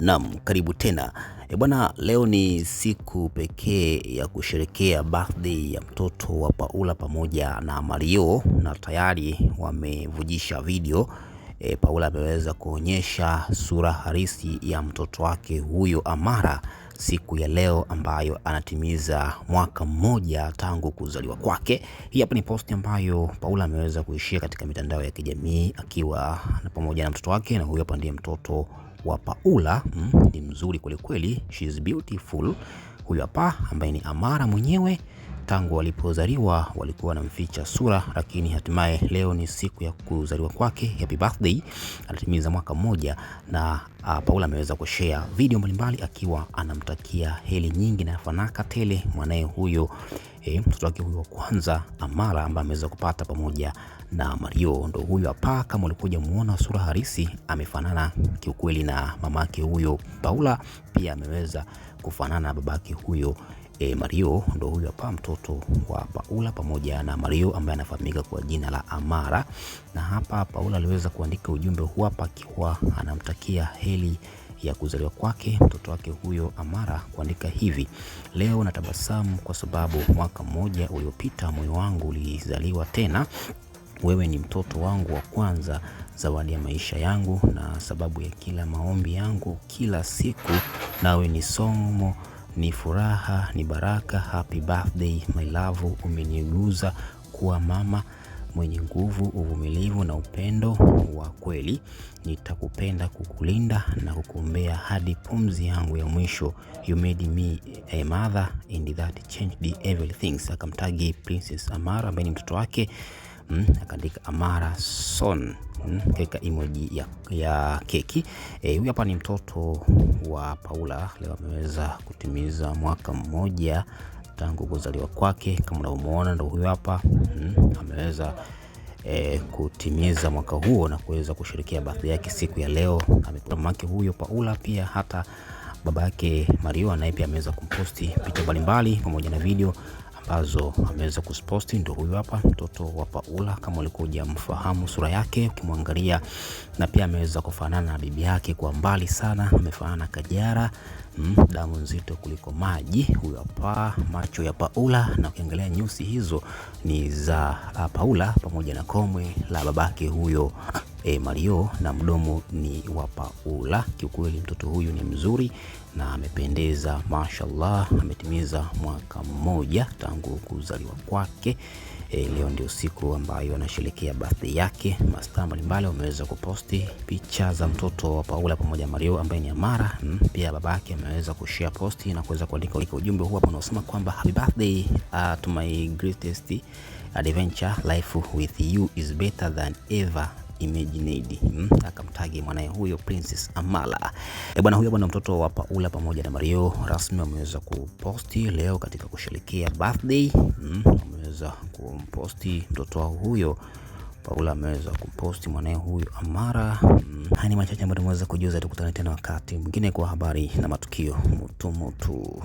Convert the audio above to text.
Naam, karibu tena e bwana, leo ni siku pekee ya kusherekea birthday ya mtoto wa Paula pamoja na Mario, na tayari wamevujisha video e, Paula ameweza kuonyesha sura halisi ya mtoto wake huyo Amara siku ya leo ambayo anatimiza mwaka mmoja tangu kuzaliwa kwake. Hii hapa ni posti ambayo Paula ameweza kuishia katika mitandao ya kijamii akiwa pamoja na mtoto wake, na huyo hapa ndiye mtoto wa Paula mm, ni mzuri kwelikweli, she is beautiful. Huyu hapa ambaye ni Amara mwenyewe tangu walipozaliwa walikuwa wanamficha sura, lakini hatimaye leo ni siku ya kuzaliwa kwake. Happy birthday! Anatimiza mwaka mmoja na uh, Paula ameweza kushare video mbalimbali akiwa anamtakia heri nyingi na fanaka tele mwanaye huyo eh, mtoto wake huyo wa kwanza Amara ambaye ameweza kupata pamoja na Mario. Ndo huyo hapa, kama ulikuja muona sura harisi, amefanana kiukweli na mamake huyo Paula, pia ameweza kufanana na babake huyo e, Mario ndo huyu hapa mtoto wa Paula pamoja na Mario ambaye anafahamika kwa jina la Amara. Na hapa Paula aliweza kuandika ujumbe huu hapa akiwa anamtakia heri ya kuzaliwa kwake mtoto wake huyo Amara, kuandika hivi: leo natabasamu kwa sababu mwaka mmoja uliopita moyo wangu ulizaliwa tena. Wewe ni mtoto wangu wa kwanza, zawadi ya maisha yangu na sababu ya kila maombi yangu kila siku. Nawe ni somo ni furaha, ni baraka. Happy birthday my love, umeniguza kuwa mama mwenye nguvu, uvumilivu na upendo wa kweli. Nitakupenda, kukulinda na kukuombea hadi pumzi yangu ya mwisho. You made me a mother and that changed everything. Akamtagi Princess Amara ambaye ni mtoto wake, hmm, akaandika Amara Son. Mm, kaweka emoji ya, ya keki. E, huyu hapa ni mtoto wa Paula, leo ameweza kutimiza mwaka mmoja tangu kuzaliwa kwake, kama unavyomuona ndio huyu hapa mm, ameweza E, kutimiza mwaka huo na kuweza kushirikia birthday yake siku ya leo. Amekuwa mamake huyo Paula, pia hata baba yake Mario naye pia ameweza kumposti picha mbalimbali pamoja na video ambazo ameweza kuziposti. Ndio huyu hapa mtoto wa Paula, kama ulikuwa hujamfahamu sura yake ukimwangalia, na pia ameweza kufanana na bibi yake kwa mbali sana, amefanana Kajara mm, damu nzito kuliko maji. Huyu hapa macho ya Paula, na ukiangalia nyusi hizo ni za ah, Paula pamoja na komwe la babake huyo e, Mario na mdomo ni wa Paula. Kiukweli mtoto huyu ni mzuri na amependeza, mashallah. Ametimiza mwaka mmoja tangu kuzaliwa kwake. E, leo ndio siku ambayo anasherekea birthday yake. Mastaa mbalimbali wameweza kuposti picha za mtoto wa Paula pamoja na Mario ambaye ni Amara. Hmm, pia baba yake ameweza kushare posti na kuweza kuandika ujumbe huu hapo unaosema kwamba happy birthday uh, to my greatest adventure life with you is better than ever Imagined hmm? Akamtagi mwanaye huyo Princess Amala e bwana, huyo bwana mtoto wa Paula pamoja na Mario rasmi wameweza kuposti leo katika kusherehekea birthday hmm? Wameweza kumposti mtoto wao huyo Paula ameweza kuposti mwanaye huyu Amara. Hmm. ni machache ambayo tumeweza kujuza. Tukutane tena wakati mwingine kwa habari na matukio mutu mutu.